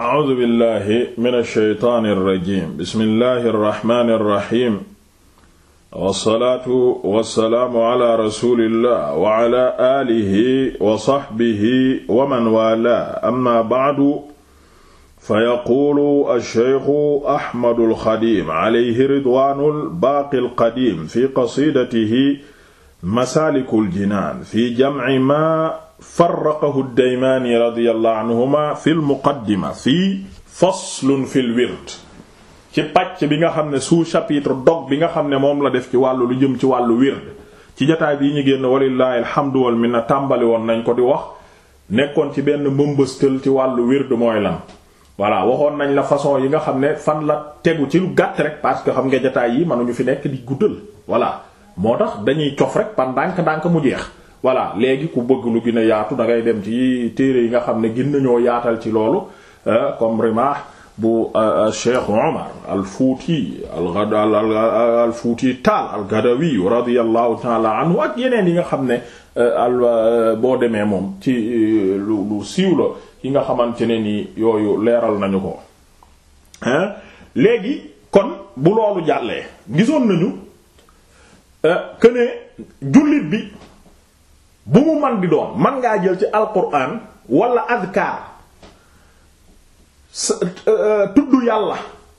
A'uuzu billaahi mina shaytaani rajiim bismillaahi rahmaani rahiim wasalaatu wasalaamu ala rasuulillah wa ala aalihi wa saxbihi wa man waalaahu amma ba'du fayaquulu ash-shaykhu Ahmadul Xadiim alayhi ridwaanul baaqil qadiim fi qasiidatihi masaalikul jinaan fi jamci maa farraqahu ad-Daymaani radiyallahu anhuma fi al-muqaddima fii fos faslun fil wird ci pàcc bi nga xam ne sous-chapitre dog bi nga xam ne moom la def ci wàllu lu jëm ci wàllu wird ci jotaay bii ñu génn walillahi alhamdu mi na tàmbali woon nañ ko di wax nekkoon ci benn mbëmbëstal ci wàllu wird mooy lan voilà waxoon nañ la façon yi nga xam ne fan la tegu ci lu gàtt rek parce que xam nga jotaay yi ñu fi nekk di guddal voilà moo tax dañuy cof rek par ndànk-ndànk mu jeex voilà léegi ku bëgg lu gën yaatu dangay dem ci téere yi nga xam ne gën nañoo yaatal ci loolu euh, comme Rimah bu euh, Cheikh Omar al-Fouti al-Fouti Taal al-Gadawi radiyallahu ta'ala anhu ak yeneen yi nga xam ne euh, al boo demee moom ci lu lu siiw la yi nga xamante ne ni yooyu leeral nañu ko léegi kon bu loolu jàllee gisoon nañu que jullit bi bu mu man di doon man ngaa jël ci alquran walla adkaar euh, euh, tudd yàlla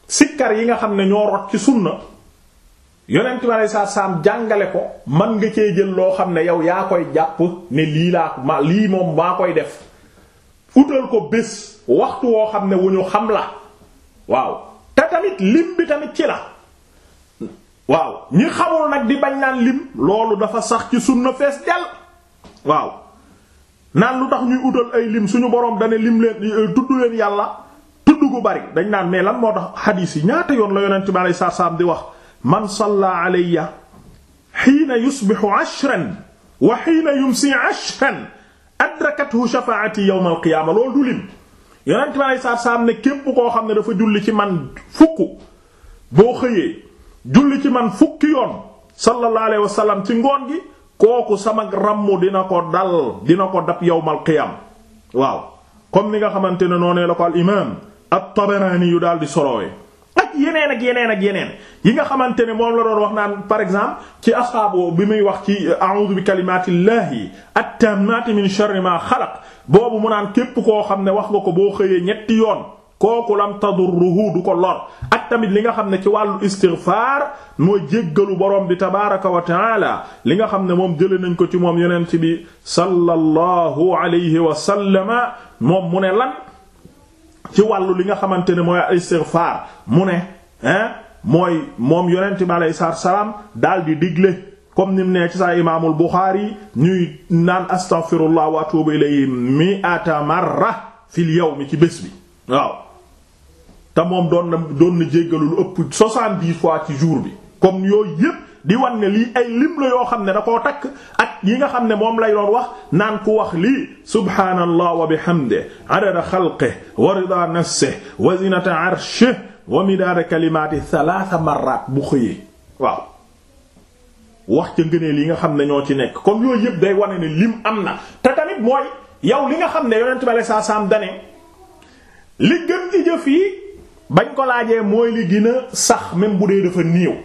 sikkar yi nga xam ne ñoo rot ci sunna yonent bi alei saatu salaam jàngale ko man nga cee jël loo xam ne yow yaa koy jàpp ne lii laa ma lii moom baa koy def utal ko bés waxtu woo xam ne wu ñu xam la waaw te tamit lim bi tamit ci la waaw ñi xamul nag di bañ naan lim loolu dafa sax ci sunna fees del waaw naan lu tax ñuy utal ay lim suñu borom dane lim leen eh, tudd leen yàlla tudd gu bari dañ naan mais lan moo tax xadiis yi ñaata yoon la yonent bi alayhi salaam di wax man salla alayya xiina yusbixu ashran wa xiina yumsi ashran adrakathu shafaati yawm al qiyaama loolu du lim yonent bi alayhi salaam ne képp koo xam ne dafa julli ci man fukk boo xëyee julli ci man fukki yoon sallallahu alayhi wa ci ngoon gi kooku sama rammu dina ko dal dina ko dab yowmal qiyam waaw comme ni nga xamante ne noonee la ko al imaam at-Tabarani yu daal di solowee ak yeneen ak yeneen ak yeneen yi nga xamante ne moom la doon wax naan par exemple ci asxaabu bi muy wax ci euh, a'udhu bi kalimatillahi at-tammati min sharri ma boobu mu naan képp koo xam ne wax nga ko boo xëyee ñetti yoon kooku lam tadurruhu du ko lor tamit li nga xam ne ci wàllu istighfar mooy jéggalu borom bi tabaaraka wa taala li nga xam ne moom jëlee nañ ko ci moom yonent bi sallallahu alayhi wa sallama moom mu ne lan ci wàllu li nga xamante ne mooy istighfar mu ne hein mooy moom yonent bi alayhi salaam daal di digle. comme nim ne ci saa imaamul Buxaari ñuy naan astaghfirullah wa atubu ilayhi mi'ata marra fil yawmi ci bés bi waaw te moom doon na doon na jéggalu lu ëpp soixante-dix fois ci jour bi comme yooyu yépp di wan lii ay lim la yoo xam ne da koo takk ak yi nga xam ne moom lay doon wax naan ku wax lii subhaanallah wa bihamdihi adada xalqihi wa wa zinata arshihi wa midaada kalimaatihi salaasa marraat bu xëyee waaw wax ca ngëneel yi nga xam ne ñoo ci nekk comme yooyu yépp day wane ne lim am na te tamit mooy yow li nga xam ne yonent bi sallallahu alayhi wasallam dane li gën ci jëf yi bañ ko laajee mooy li gën sax même bu dee dafa néew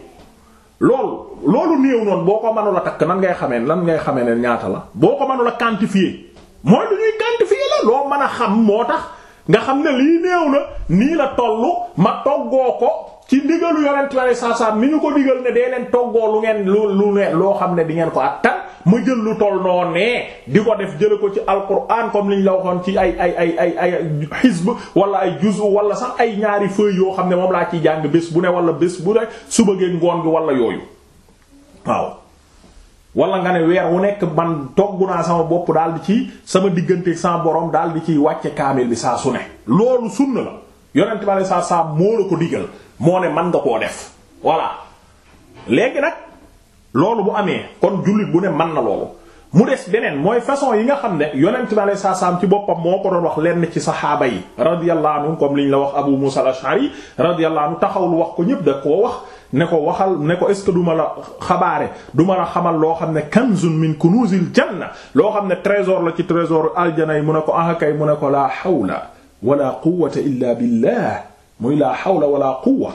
loolu loolu néew noonu boo ko mënul a takk nan ngay xamee nan ngay xamee ne ñaata la boo ko mënul a quantifier mooy lu ñuy quantifier la loo mën a xam moo tax nga xam ne lii néew na nii la tollu ma toggoo ko ci ndigalu yonent la saa saa mi ñu ko digal ne dee leen toggoo lu ngeen lu lu ne loo xam ne di ngeen ko attan ma jël lu toll noo nee di ko def jële ko ci alquran comme liñ la waxoon ci ay ay ay ay ay xisb wala ay juzu wala sax ay ñaari feuilles yoo xam ne moom laa ciy jàng bés bu ne wala bés bu ne suba geeg ngoon gi wala yooyu waaw wala nga ne weer wu nekk ban togg naa sama bopp daal di ci sama diggante sama boroom daal di ciy wàcce kaamil bi saa su ne loolu sunna la yonent bi saa saa moo la ko digal moo ne man nga koo def voilà léegi nag loolu bu amee kon jullit bu ne mën na loolu mu des beneen mooy façon yi nga xam ne yonent bi alayhi salaam ci boppam moo ko doon wax lenn ci saxaaba yi radiyallahu anhu comme liñ la wax Abu Musa al-Ash'ari radiyallahu anhu taxawul wax ko ñëpp da koo wax ne ko waxal ne ko est ce que du ma la xabaare du ma la xamal loo xam ne kanzun min kunuzil janna loo xam ne trésor la ci trésor aljana yi mu ne ko ahakay mu ne ko laa hawla wala quwwata illa billah muy laa hawla wala quwwa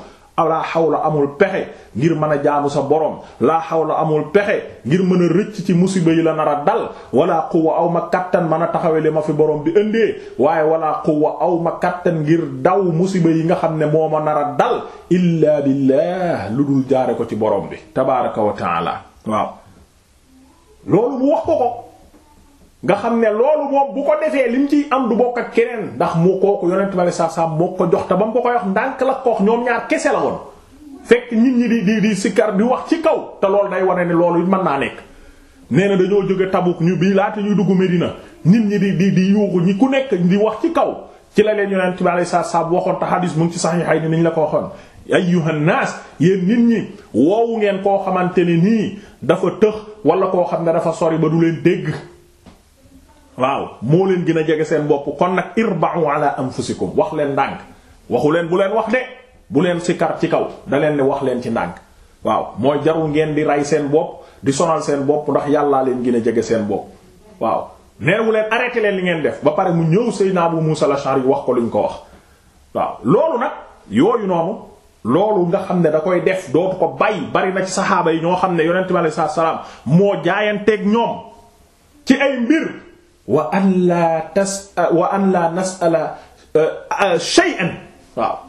laa xawla amul pexe ngir mën a jaanu sa borom laa xaw xawla amul pexe ngir mën a rëcc ci musiba yi la nara a dal wala quwwa aw ma kattan mën a taxawee li ma fi borom bi indee waaye wala quwwa aw ma kattan ngir daw musiba yi nga xam ne moo ma nara dal illaa billah lu dul jaare ko ci borom bi tabaaraka wa taala waaw loolu mu wax ko ko nga xam ne loolu moom bu ko defee lim ciy am du bokk ak keneen ndax mu kooku yonent bi saa saa ko jox te ba mu ko ko wax ndànk la koox ñoom ñaar kese la woon fekk nit ñi di di di bi di wax ci kaw te loolu day wane ne loolu mën naa nekk. nee na dañoo jóge Tabuk ñu bi laata ñuy dugg Medina nit ñi di di di yuuxu ñi ku nekk di wax ci kaw ci la leen yonent bi saa saa waxoon te hadis mu ngi ci Sahihayni ni ñu la ko waxoon. ayyuhan naas yéen nit ñi woowu ngeen koo xamante ne nii dafa tëx wala koo xam ne dafa sori ba du leen dégg waaw moo leen gën a jege seen bopp kon nag irba'u ala anfusikum wax leen ndànk waxu leen bu leen wax de bu leen si kar ci kaw da leen ne wax leen ci ndànk waaw moo jarul ngeen di ray seen bopp di sonal seen bopp ndax yàllaa leen gën a jege seen bopp waaw neewu leen arrêté leen li ngeen def ba pare mu ñëw Seydina Abu Musa al-Ash'ari wax ko ñu ko wax waaw loolu nag yooyu noonu loolu nga xam ne da koy def dootu ko bàyyi bari na ci saxaaba yi ñoo xam ne yonent bi sallallahu alayhi wasallam moo jaayanteeg ñoom ci ay mbir wa an laa tas euh, wa an laa nasala euh, euh, shay'an waaw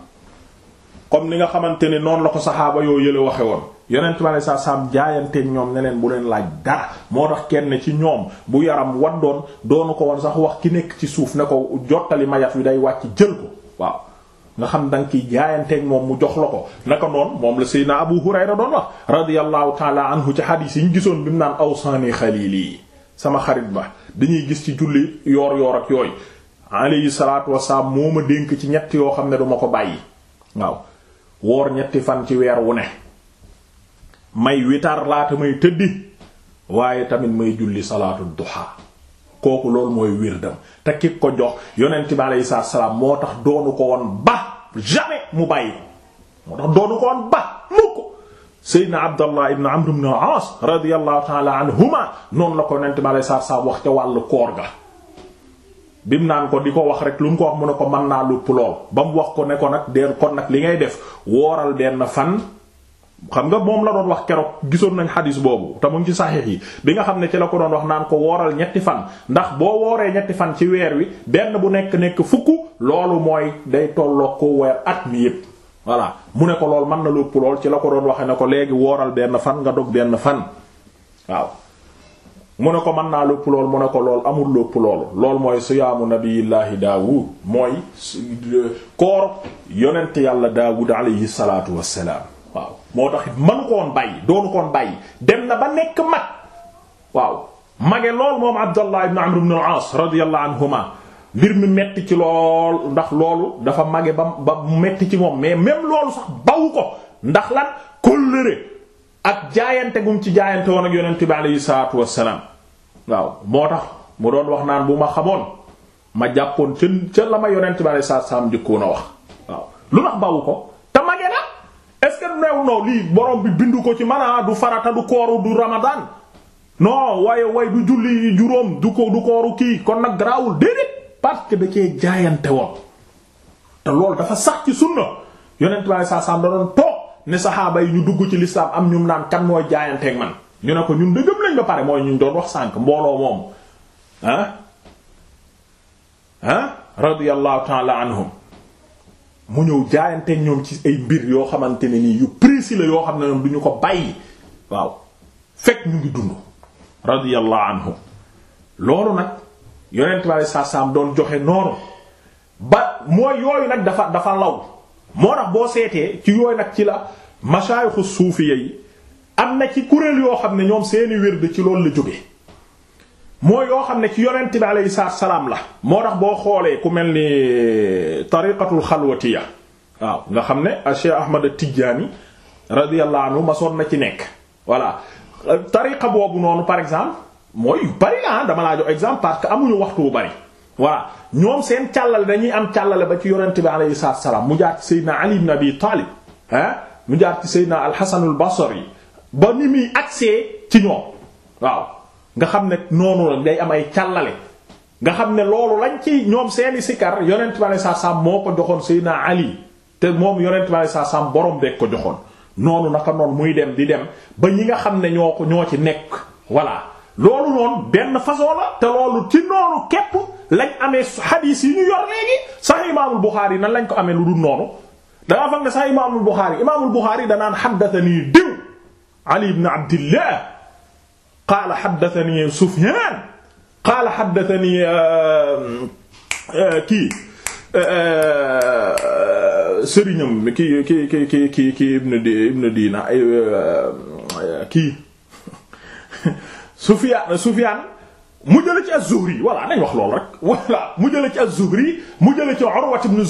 comme ni nga xamante ne noonu la ko saxaaba yoo yële waxe woon yonent bi aleyhi salaatu salaam jaayanteeg ñoom ne bu leen laaj dara moo tax kenn ci ñoom bu yaram waddoon doonu ko woon sax wax ki nekk ci suuf ne ko jottali mayat wi day wàcc jël ko waaw nga xam da nga kiy moom mu jox la ko naka noonu moom la Seydina Abu Hurayra doon wax radiyallahu taala anhu ci xadiis yi ñu gisoon bi mu naan awsani xalili sama xarit ba dañuy gis ci julli yoor yoor ak yooyu alayhi salaatu wasalaam moo ma dénk ci ñetti yoo xam ne duma ko bàyyi waaw woor ñetti fan ci weer wu ne may witar laata may tëddi waaye tamit may julli salaatu duha kooku loolu mooy wirdam te ki ko jox yonent bi alayhi salaam moo tax doonu ko woon ba jamais mu bàyyi moo tax doonu ko woon ba mukk Seydina Abdallah ibn Amr ibn al-As radiyallahu ta'ala anhuma noonu la ko nent ma lay saar saab wax ca wàllu koor ga bim naan ko di ko wax rek lu mu ko wax mu ne ko mën naa lupp lool ba mu wax ko ne ko nag deel kon nag li ngay def wooral benn fan xam nga moom la doon wax keroog gisoon nañ xadis boobu te mu ngi ci saxiix yi bi nga xam ne ci la ko doon wax naan ko wooral ñetti fan ndax boo wooree ñetti fan ci weer wi benn bu nekk nekk fukk loolu mooy day tolloo ko weer at mi yépp voilà mu ne ko lool mën na lópp lool ci la ko doon waxe ne ko léegi wooral benn fan nga dog benn fan waaw mu ne ko mën naa lópp lool mu ne ko lool amul lópp lool lool mooy siyaamu nabiyillaahi daawud mooy koor yonent yàlla daawud alayhi salaatu wassalaam waaw moo tax manu koon bàyyi doonu koon bàyyi dem na ba nekk mag waaw mage lool moom abdallah ibn amr ibn aas radiyallahu anhuma mbir mi metti ci lool ndax loolu dafa mage ba ba metti ci moom mais même loolu sax bawu ko ndax lan kóllëre ak jaayante gum ci jaayante woon ak yonent bi aleyhi salaatu wassalaam waaw moo tax mu doon wax naan bu ma xamoon ma jàppoon ca ca la ma yonent njëkkoon a wax waaw lu tax bawu ko te mage na est new no lii borom bi bindu ko ci mana ah, du farata du kooru du ramadaan non waaye way du julli juróom du ko du kooru kii kon nag garaawul déedéet parce que da cee jaayante woon te loolu dafa sax ci sunna yonent bi saa saa da toog ne saxaaba yi ñu dugg ci lislaam am ñum naan kan mooy jaayanteeg man ñu ne ko ñun dëggam lañ ba pare mooy ñu doon wax sànk mbooloo moom ah ah radiyallahu anhum mu ñëw jaayanteeg ñoom ci ay mbir yoo xamante ne nii yu précis la yoo xam ne ñoom du ñu ko bàyyi waaw fekk ñu ngi dund radiyallahu anhu loolu nag yonent bi sa saam doon joxe noonu ba mooy yooyu nag dafa dafa law moo tax boo seetee ci yooyu nag ci la mashayikhu suufiya yi am na ci kuréel yoo xam ne ñoom seeni wird ci loolu la jóge mooy yoo xam ne ci yonent bi alayhi salaam la moo tax boo xoolee ku mel ni eh, tariqatul xalwatiya waaw nga xam ne ah, Cheikh Ahmad Tidjani radiyallahu anhu masoon na ci nekk voilà tariqa boobu noonu par exemple mooy yu bari la ah, dama laa jox exemple parce que amuñu waxtu bu bari voilà ñoom seen càllale dañuy am càllale ba ci yonent bi alayhi salaam mu jaar ci Seydina Ali ibn Abi Talib ah mu jaar ci Seydina al-Hasan yi basri ba ni muy accès ci ñoom waaw nga xam ne noonu la day am ay càllale nga xam ne loolu lañ ci ñoom seeni sikar yonent bi alayhi salaam moo ko joxoon Seydina Ali te moom yonent bi alayhi salaam borom beeg ko joxoon noonu naka noonu muy dem di dem ba ñi nga xam ne ñoo ko ñoo ci nekk voilà. loolu noonu benn façon la te loolu ci noonu képp lañ amee hadith yi ñu yor léegi sax imaamul Buxaari nan lañ ko amee lu dul noonu dangaa fag ne sax imaamul Buxaari imaamul Buxaari danaan haddathanii diw Ali ibn Abdillah qaala haddathanii Sufyaan qaala haddathanii kii sëriñam kii kii kii kii kii ibn Diina kii Sufyaan Sufyaan mu jële ci az-Zuhri voilà nañ wax loolu rek voilà mu jële ci az-Zuhri mu jële ci Urwa ibn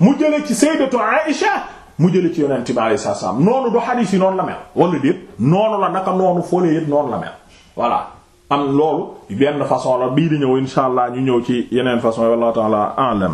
mu jële ci sayyidatu Aïsha mu jële ci yonent bi alayhi salaam noonu du xadiis yi noonu la mel wala déet noonu la naka noonu foolee yépp noonu la mel voilà am loolu benn façon la bii di ñëw insha allah ñu ñëw ci yeneen façon yi wallahu ta'ala a'lam